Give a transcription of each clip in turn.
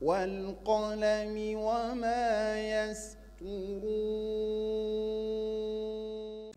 والقلم وما يسطرون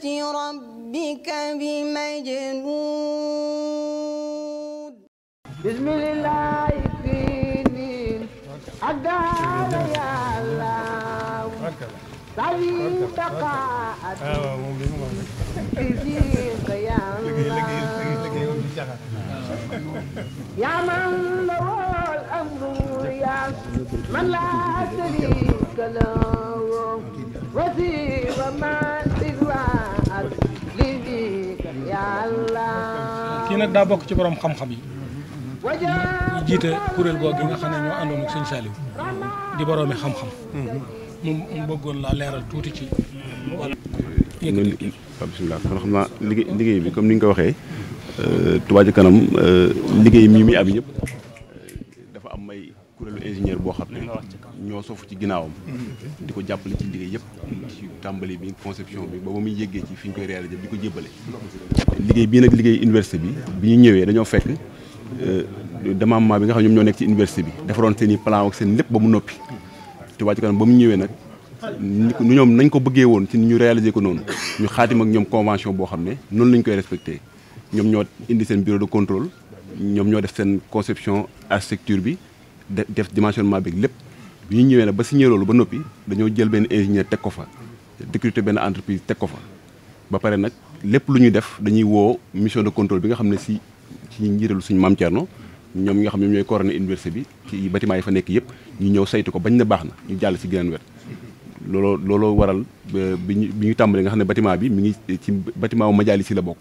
ربك بمجنون بسم الله فيني أدار يا الله طريقك فيك يا الله يا من له الأمر يا من لا شريك له وسيب من kii nag daa bokk ci boroom xam-xam yi ñu jiite kuréel googu nga xam ne ñoo àndoon ak di boroomi xam-xam mu mu bëggoon laa leeral tuuti ci wàll bismillah kon xam naa liggéey liggéey bi comme ni nga ko waxee euh, Touba Ca Kanam euh, liggéey mii mi ab yëpp boo xam ne ñoo sofu ci ginnaawam mm-hmm. di ko jàppale ci liggéey yëpp ci tàmbali bi conception bi ba ba muy yéggee ci fi ñu koy réalisé di ko jébbale liggéey bii nag liggéey université bi bi ñu ñëwee dañoo fekk euh, démembrement bi nga xam ñoom ñoo nekk ci université bi defaroon seen i plan ak lépp ba mu noppi te Touba Ca ba mu ñëwee nag ñoom nañ ko bëggee woon ci ni ñu réaliser ko noonu ñu xaatim ak ñoom convention boo xam ne noonu lañ koy respecté ñoom ñoo indi seen bureau de contrôle ñoom ñoo def seen conception architecture bi def dimensionnement bi lépp bi ñu ñëwee nag ba signé loolu ba noppi dañoo jël benn ingénieur teg ko fa recruter benn entreprise teg ko fa ba pare nag lépp lu ñuy def dañuy woo mission de contrôle bi nga xam ne si ci njiitalu suñu maam Thierno ñoom ñi nga xam ne ñooy coordonné université bi ci bâtiment yi fa nekk yëpp ñu ñëw saytu ko bañ ne baax na ñu jàll si geneen wet looloo looloo waral bi ñu bi ñu tàmbalee nga xam ne bâtiment bi mi ngi ci bâtiment wu majalis yi la bokk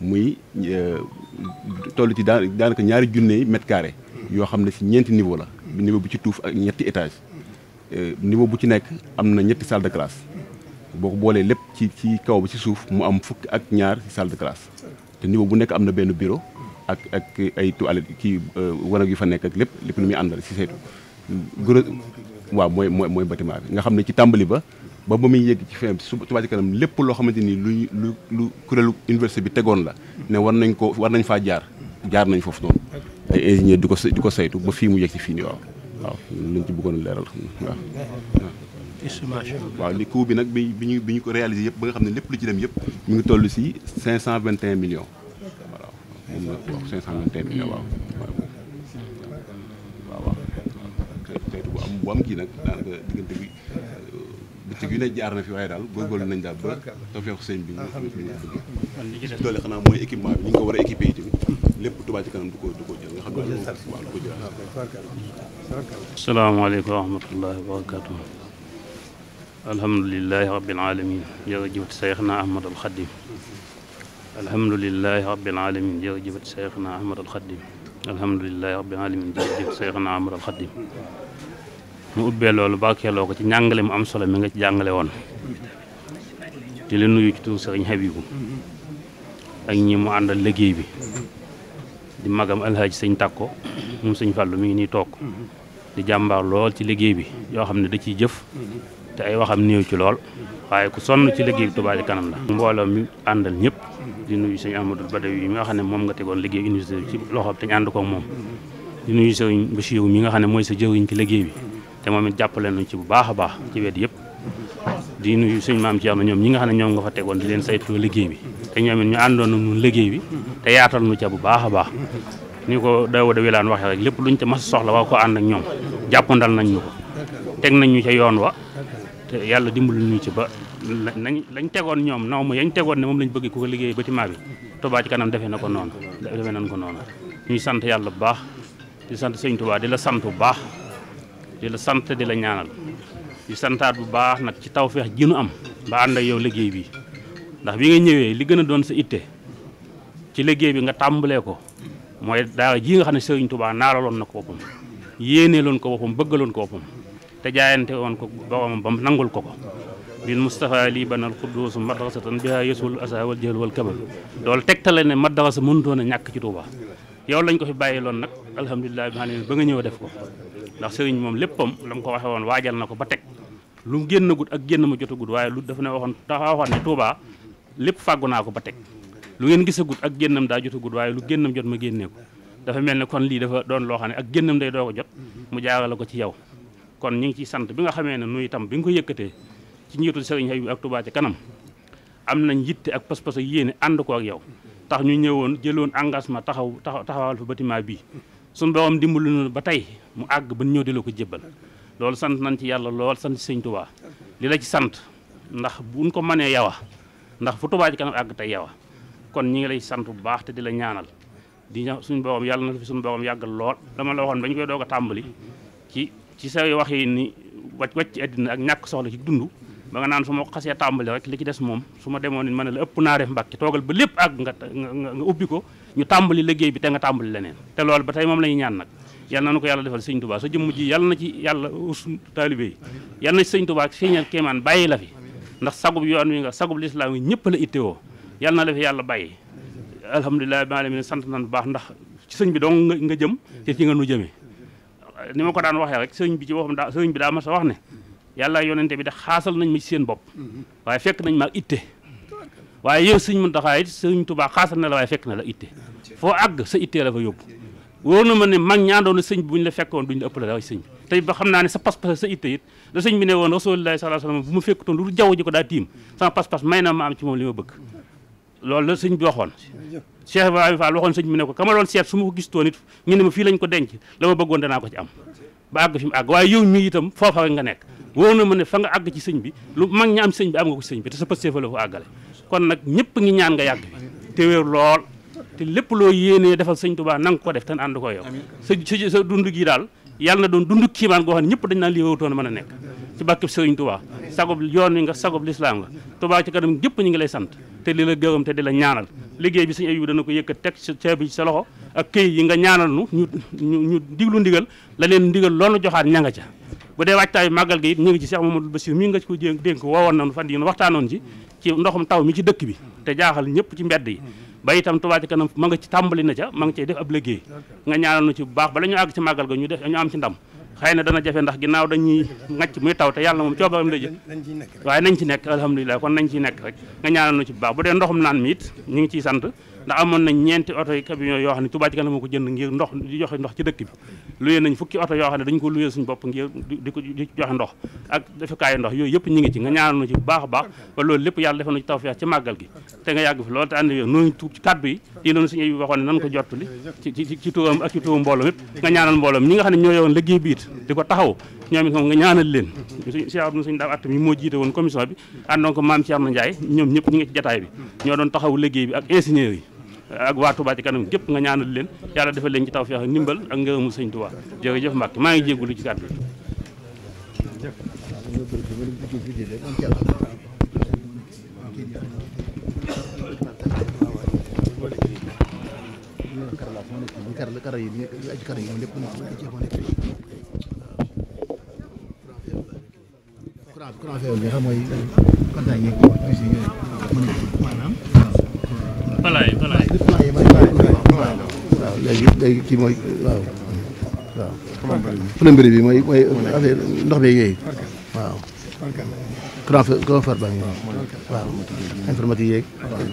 muy euh, toll ci daanaka ñaari junne mètre carré yoo xam ne si ñeenti niveau la niveau bu ci tuuf ak ñetti étage euh, niveau bu ci nekk am na ñetti salle de classe boo ko boolee lépp ci ci kaw ba ci suuf mu am fukki ak ñaar ci salle de classe te niveau bu nekk am na benn bureau ak ak ay toilettes kii euh, wanag yu fa nekk ak lépp lépp lu muy àndal si saytu gros waaw mooy mooy mooy bâtiment bi nga xam ne ci tàmbali ba ba ba muy yegg ci fin su Touba Ca Kanam lépp loo xamante ni luy lu lu kuréelu université bi tegoon la ne war nañ ko war nañ faa jaar jaar nañ foofu noonu ay ingénieur di ko di ko saytu ba fii mu yegg ci fii nii waaw waaw lañ ci bëggoon a leeral waaw waaw li coût bi nag bi bi ñu bi ñu ko réalisé yëpp ba nga xam ne lépp lu ci dem yëpp mu ngi toll si cinq cent vingt et un millions voilà moom la wax cinq cent vingt et un millions waaw waaw waaw waaw saytu bu am bu am kii nag daanaka diggante bi bëccëg yu ne jaar na fi waaye daal góorgóorlu nañ daal ba tawfeexu sëñ bi ñu doole xanaa mooy équipement bi ñu ngi a équipé yi tamit lépp Touba ci kanam du ko du ko jël nga xam ne du ko jël asalaamaaleykum wa rahmatullahi wa barakatuh alhamdulilahi rabbil alamin jërëjëf Seyxna Ahmad al Xadim alhamdulilahi rabbil alamin jërëjëf Seyxna Ahmad al Xadim alhamdulilahi rabbil alamin ñu ubbee loolu barkeeloo ko ci njàngale mu am solo mi nga ci jàngale woon di la nuyu ci tur sëriñ Habibu ak ñii mu àndal liggéey bi di magam alhaaji sëñ Takko moom sëñ Fàllu mi ngi nii toog di jàmbaar lool ci liggéey bi yoo xam ne da ciy jëf te ay waxam néew ci lool waaye ku sonn ci liggéey bi Touba Ca Kanam la mbooloo mi àndal ñëpp di nuyu sëñ Amadou Badawi yi mi nga xam ne moom nga tegoon liggéey université ci loxoom te ñu ànd koog moom di nuyu sëriñ Bachirou mi nga xam ne mooy sa jëriñ ci liggéey te moom it jàppale nañu ci bu baax a baax ci wet yëpp di nuyu suñu maam ci am ñoom ñi nga xam ne ñoom nga fa tegoon di leen saytoo liggéey bi te ñoom it ñu àndoon na ñun liggéey bi te yaatal nu ca bu baax a baax ni ko dawo da wilaan waxee rek lépp luñ te mas soxla waa ko ànd ak ñoom jàppandal nañ ñu ko teg nañ ñu ca yoon wa te yàlla dimbali ñu ci ba nañ lañ tegoon ñoom na ma yañ tegoon ne moom lañ bëgg ku ko liggéey bâtiment bi Touba ci kanam defee na ko noonu defee nañ ko noonu ñuy sant yàlla baax di sant sëñ Touba di la sant baax di la sant di la ñaanal di santaat bu baax nag ci tawfeex ji nu am ba ànd yow liggéey bi ndax bi nga ñëwee li gën a doon sa itte ci liggéey bi nga tàmbalee ko mooy daara ji nga xam ne Serigne Touba naaraloon na ko boppam loon ko boppam bëggaloon ko boppam te jaayante woon ko boromam ba nangul ko ko bil Moustapha lii banal xudduusu madrasatan biha yesul asa wal jël wal kabal loolu tegtale ne madrasa mënutoon a ñàkk ci Touba yow lañ ko fi bàyyi loon nag alhamdulilah bi ne ba nga ñëw def ko ndax sëriñ moom léppam la mu ko waxee woon waajal na ko ba teg lu mu génn gut ak génn ma jotagut waaye lu dafa ne waxoon dafa waxoon ne Touba lépp fàggu naa ko ba teg lu ngeen gisagut ak génnam daa jotagut waaye lu génnam jot ma génnee ko dafa mel ni kon lii dafa doon loo xam ne ak génnam day doo ko jot mu jaarale ko ci yow kon ñu ngi ciy sant bi nga xamee ne nu itam bi nga ko yëkkatee ci njiitu sëriñ Habib ak Touba ci kanam am nañ yitte ak pas-pas ak yéene ànd ko ak yow tax ñu ñëwoon jëloon engagement taxaw taxawal fa bâtiment bii suñu borom dimbalu na ba tey mu àgg ba ñëw di la ko jébbal loolu sant nañ ci yàlla lool sant ci sëñ Touba li la ci sant ndax buñ ko mënee yawa ndax fu Touba ci kanam àgg tey yawa kon ñi ngi lay sant bu baax te di la ñaanal di ña suñu borom yàlla na fi suñu borom yàggal lool dama la waxoon bañ koy doog a tàmbali ci ci say wax ni wàcc wàcc ci àddina ak ñàkk soxla ci dund ba nga naan su ma xasee tàmbali rek li ci des moom su ma demoon ma ne la ëpp naa def mbàkki toogal ba lépp ak nga nga ubbi ko ñu tàmbali liggéey bi te nga tàmbali leneen te loolu ba tey moom la ñuy ñaan nag yàlla na ko yàlla defal sëñ Tuubaa sa jëmm ji yàlla na ci yàlla us taalibe yi yàlla na ci sëñ Tuubaa feeñal kéemaan bàyyi la fi ndax sagub yoon wi nga sagub lislaam yi ñëpp la ittewoo yàlla na la fi yàlla bàyyi alhamdulilah baax ndax sëñ bi dong nga a yàlla yonente bi de xaasal nañ ma ci seen bopp mhm. waaye fekk nañ ma itte waaye yow sëñ Muntaxa it sëñ Tuubaa xaasal na la waaye fekk na la itte foo àgg sa ittee la fa yóbbu wóor na ma ne mag ñaandoon na sëñ bi bu ñu la fekkoon duñ la ëppale la waaye sëñ bi tey ba xam naa ne sa pas-pas sa itte it la sëñ bi ne woon rasulillahi sallallahu alayhi wasallam bu ma fekkutoon lu dul jaww ji ko daa tiim sama pas-pas may na ma am ci moom li ma bëgg loolu la sëñ bi ne ko kama doon seet su ma ñu ne ma fii lañ ko denc la bëggoon danaa ko ci am ba àgg fi mu àgg waaye yow mii itam foofa rek nga nekk wóor na ma ne fa nga àgg ci sëñ bi lu mag ñi am sëñ bi am nga ko sëñ bi te sa pëstee fa la ko àggale kon nag ñëpp ngi ñaan nga yàgg te wér lool te lépp loo yéenee defal sëñ Tuubaa na nga ko def te ànd ko yow sa sa dund gi daal yàlla na doon dundu kiimaan goo xam ñëpp dañ naan lii wowutoon mën a nekk ci bàkkib sëriñ Touba sagub yoon wi nga sagub lislaam nga Touba ci kanam gépp ñu ngi lay sant te di la gërëm te di la ñaanal liggéey bi sëñ Ayib dana ko yëkkat teg ceeb bi ci sa loxo ak këy yi nga ñaanal nu ñu ñu diglu ndigal la leen ndigal loolu joxaat ña nga ca bu dee waajtaayu màggal gi it ñu ngi ci Cheikh Mamadou Bassir mi nga ci ko dénk woowoon nañu fan yi waxtaanoon ci ci ndoxum taw mi ci dëkk bi te jaaxal ñëpp ci mbedd yi ba itam Touba Ca Kanam ma nga ci tàmbali na ca ma nga cey def ab liggéey nga ñaanal nu ci baax ba ñu àgg ci màggal ga ñu def ñu am ci ndam xëy na dana jafe ndax ginnaaw dañuy ngacc muy taw te yàlla moom coobaram la jël waaye nañ ci nekk alhamdulilah kon nañ ci nekk rek nga ñaanal nu ci bu naan mi it ñu ngi ciy sant ndax amoon nañ ñeenti oto yi camion yoo xam ne Touba ci kanam moo ko jënd ngir ndox di joxe ndox ci dëkk bi luyee nañ fukki oto yoo xam ko luyee suñu bopp yëpp ñu ngi ci nga ñaanal a baax ba loolu lépp yàlla defal na ci tawfeex ci màggal gi te ne nan ko jottali ci mbooloo yëpp nga ñaanal xam ne ñoo yowoon liggéey bi di ko taxaw ñoom it moom nga ñaanal leen Cheikh Abdou suñu mi moo jiite woon commission bi àndoon ko maam Cheikh Ndiaye ñoom ñëpp ñi ngi ci jataay bi ñoo doon taxaw liggéey bi ak ingénieur yi ak waa Touba kanam gépp nga ñaanal leen yàlla defal leen ci tawfeex ak ndimbal ak ngërëmu sëñ Touba maa ngi jégalu ci kàddu bi nga xam mooy kontaan ay kii mooy waaw waaw plomberie bi mooy mooy affaire ndox mi yooyu waaw courant fer baa ngi waaw informatique yeeg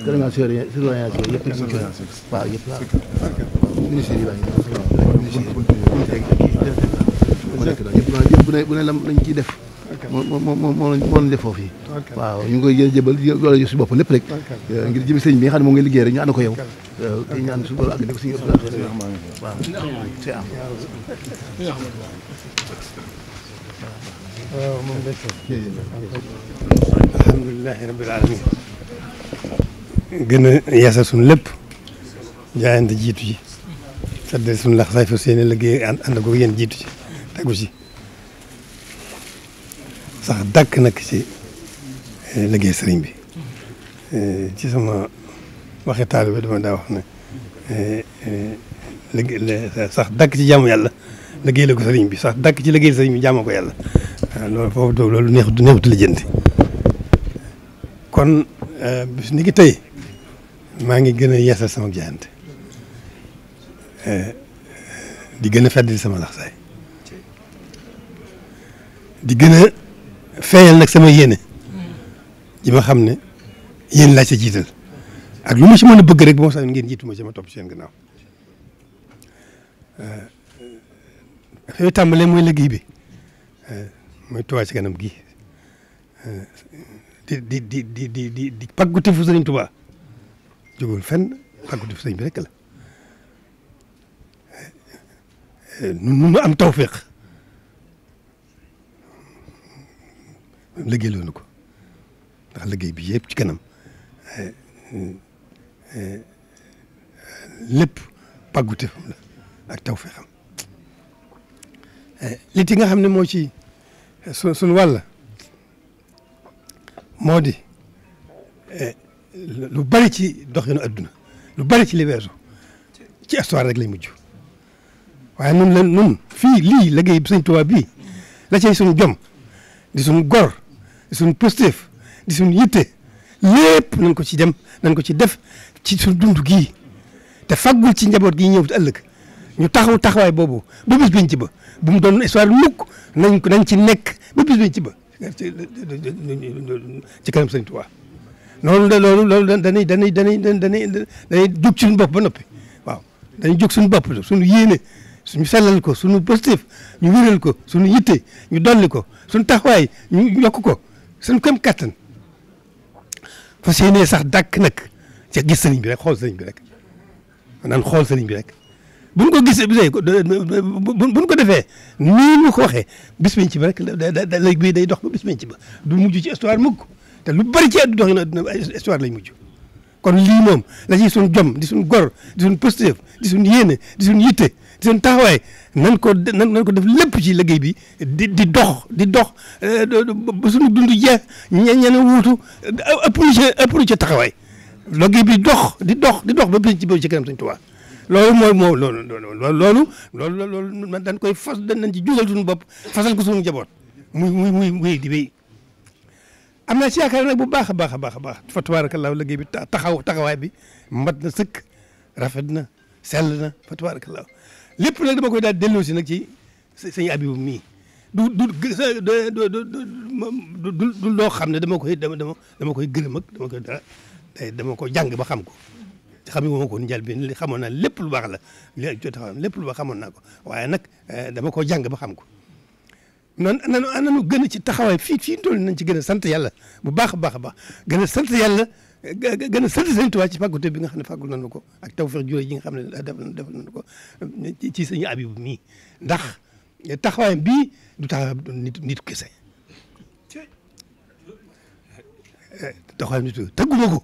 surveillance yooyu yëpp waaw yëpp waaw ministère yi baa ngi bu ne bu ne def moom moom moom def foofu yi waaw ñu ngi koy jëbal wala yu si bopp lépp rek ngir jëm sëñ bi nga xam ne moom ngay liggéey rek ñu ànd ko waaw di ñaan suñu borom àgg na ko si yëpp daal waaw si am. waaw moom lañ ko. alhamdulilah rabbil alamin gën a yeesal suñu lépp jaayante jiitu ji sàddee suñu lax saay fa seen liggéey ànd ko yéen jiitu ji tegu ci sax dàkk nag ci eh, liggéey sëriñ bi eh, ci sama. waxi taalibe dama daa wax ne eh, eh, sax dàkk ci jaamu yàlla liggéey la ko sëriñ bi sax dàkk ci liggéey sëriñ bi jaamu ko yàlla waaw ah, loolu foofu doo loolu neexut neexut lijjanti kon eh, bis ni ki maa ngi gën a yeesal sama jaayante di gën a feddali sama laxsaay di gën a nag sama yéene ji ma xam ne yéen laa ca jiital ak lu ma ci mën a bëgg rek ba ma sax ngeen jiitu ma ci ma topp seen gannaaw dafay euh, tàmbalee mooy liggéey bi euh, mooy ci kanam gi euh, di di di di di di di pàggute fu sëriñ Touba jógul fenn pàggute fu sëriñ bi rek la nun nu am tawféex liggéey ko ndax bi yëpp ci kanam Euh, lépp pàgguteefam la ak tawfeexam li euh, ti nga xam ne moo ci euh, su moo di lu bari ci doxinu adduna lu bari ci li weesu ci histoire rek lay mujj waaye nun la nun fii lii liggéey bi sëñ Tuubaa bii la cay suñu jom di suñu gor di suñu positif di suñu yitte lépp nañ ko ci dem nañ ko ci def ci suñ dund gii te faggul ci njaboot gi ñëw ëllëg ñu taxaw taxawaay boobu ba bis biñ ci ba bu mu doon histoire mukk nañ ko nañ ci nekk ba bis biñ ci ba ci kanam sëñ Tuubaa loolu de loolu loolu dañuy dañuy dañuy dañuy dañuy jóg suñu bopp ba noppi waaw dañuy jóg suñu bopp suñu yéene suñu sellal ko suñu positif ñu wéral ko suñu yitte ñu dolli ko suñu taxawaay ñu yokk ko suñu kam kattan fas yéenee sax dàkk nag ca gis sëriñ bi rek xool sëriñ bi rek naan xool sëriñ bi rek buñ ko gisee bu buñ ko defee nii ñu ko waxee bis biñ ci ba rek lay bii day dox ba bis biñ ci ba du mujj ci histoire muk te lu bari ci àdduna doxina àdduna histoire lay mujj kon lii moom la ci suñ jom di suñ gor di suñ positif di suñ yéene di suñ yitte di suñ taxawaay nan ko def lépp ci liggéey bi di di dox di dox eh, ba suñu dund jeex ñeneen wuutu ëpp lu ca ëpp taxawaay loggi bi dox di dox di dox ba penc bi ci kanam Sëñ Tuubaa loolu mooy moo loolu loolu loolu loolu dañ koy fas dañ ci jugal suñu bopp fasal ko suñu njaboot muy muy muy wéy di wéy am naa ci yaakaar nag bu baax a baax a baax a baax fa tabaarakallaahu liggéey bi taxaw taxawaay bi mat na sëkk rafet na sell na fa tabaarakallaahu lépp nag dama koy daal delloo si nag ci sëñ Abibu mii du du du du loo xam ne dama koy dama dama koy gërëm ak dama koy dara day dama ko jàng ba xam ko xam nga ma ko njël bi li xamoon naa lépp lu baax la li jot xam lépp lu baax xamoon naa ko waaye nag eh, dama ko jàng ba xam ko noonu nanu nanu gën a ci taxawaay fii fii toll nañ ci gën a sant yàlla bu baax a baax a baax gën a sant yàlla gën a sant Sëñ Tuubaa ci fàggute bi nga xam ne fàggul nañu ko ak tawfeex jure yi nga xam ne def def nañu ko eh, ci Sëñ Abibu mii ndax eh, taxawaayam bii du taxawaay nit nit kese taxawaayam nit tagguma ko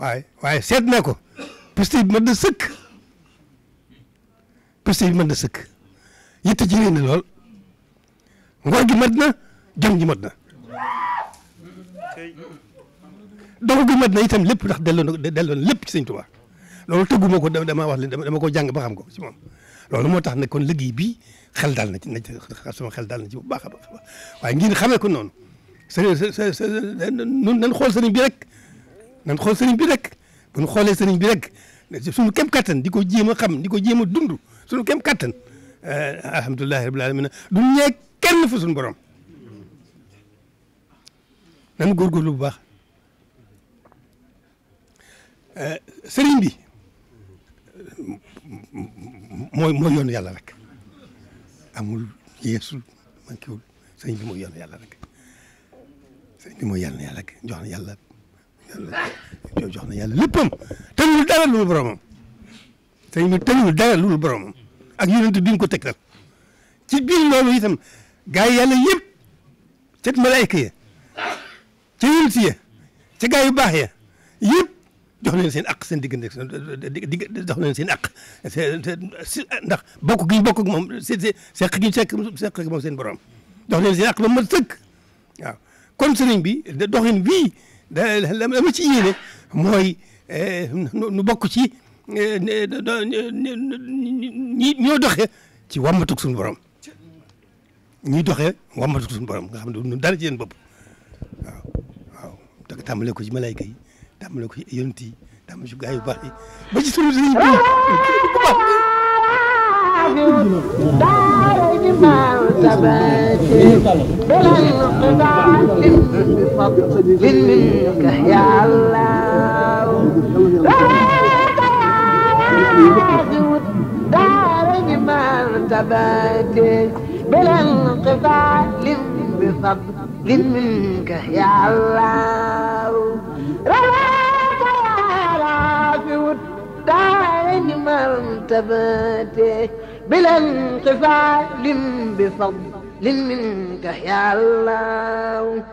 waaye waaye seet na ko piste bi mën na sëkk piste bi mën na sëkk yitte na lool ngor gi mat na jom ji mat na dogu gi mat na itam lépp ndax delloon delloon lépp ci sëñ Tuubaa loolu tëgguma ko dama wax li dama ko jàng ba xam ko ci moom moo tax ne kon liggéey bii xel daal na ci na sama xel daal na ci bu baax a baax waaye ngeen xamee ko noonu sëriñ sa sa sa nan xool sëriñ bi nan xool sëriñ bi rek bu ñu xoolee sëriñ bi rek suñu kem kattan di ko jéem a xam di ko jéem a dund suñu kem kattan eh, alhamdulilahi rabbil alamin du ñee kenn fu suñu borom nan góorgóorlu bu baax eh, sëriñ bi mooy mooy yoonu yàlla rek amul yeesul mankiwul sëriñ bi mooy yoonu yàlla rek sëriñ bi mooy yàlla yàlla rek yàlla jox na yàlla léppam teguwul dara lu dul boromam sëñ bi teguwul dara lu dul boromam ak yonent bi mu ko tegtal ci biir loolu itam gaa yi yàlla yëpp ca malaayka ya ca yonent ya ca gaa yu baax ya yëpp jox leen seen aq seen diggante digg jox leen seen aq ndax bokk gi ñu bokk moom seen seen seq gi ñu seq seq ak seen borom jox leen seen aq ba mu kon sëriñ bi doxin bii da la ma ci yéene mooy eh, nu bokk ci eh, ñi ñoo doxee ci wàmmatug suñu borom ñuy doxee wàmmatug suñu borom nga xam ne du dara ci seen bopp waaw waaw da tàmbale ko ci malayka yi tàmbale ci yonent yi ba ci sunu sëriñ bi bu baax daara ji منك يا الله دارج مرتبتي بلا انقطاع بفضل منك يا الله رواك يا رافي دارج مرتبتي بلا انقطاع بفضل منك يا الله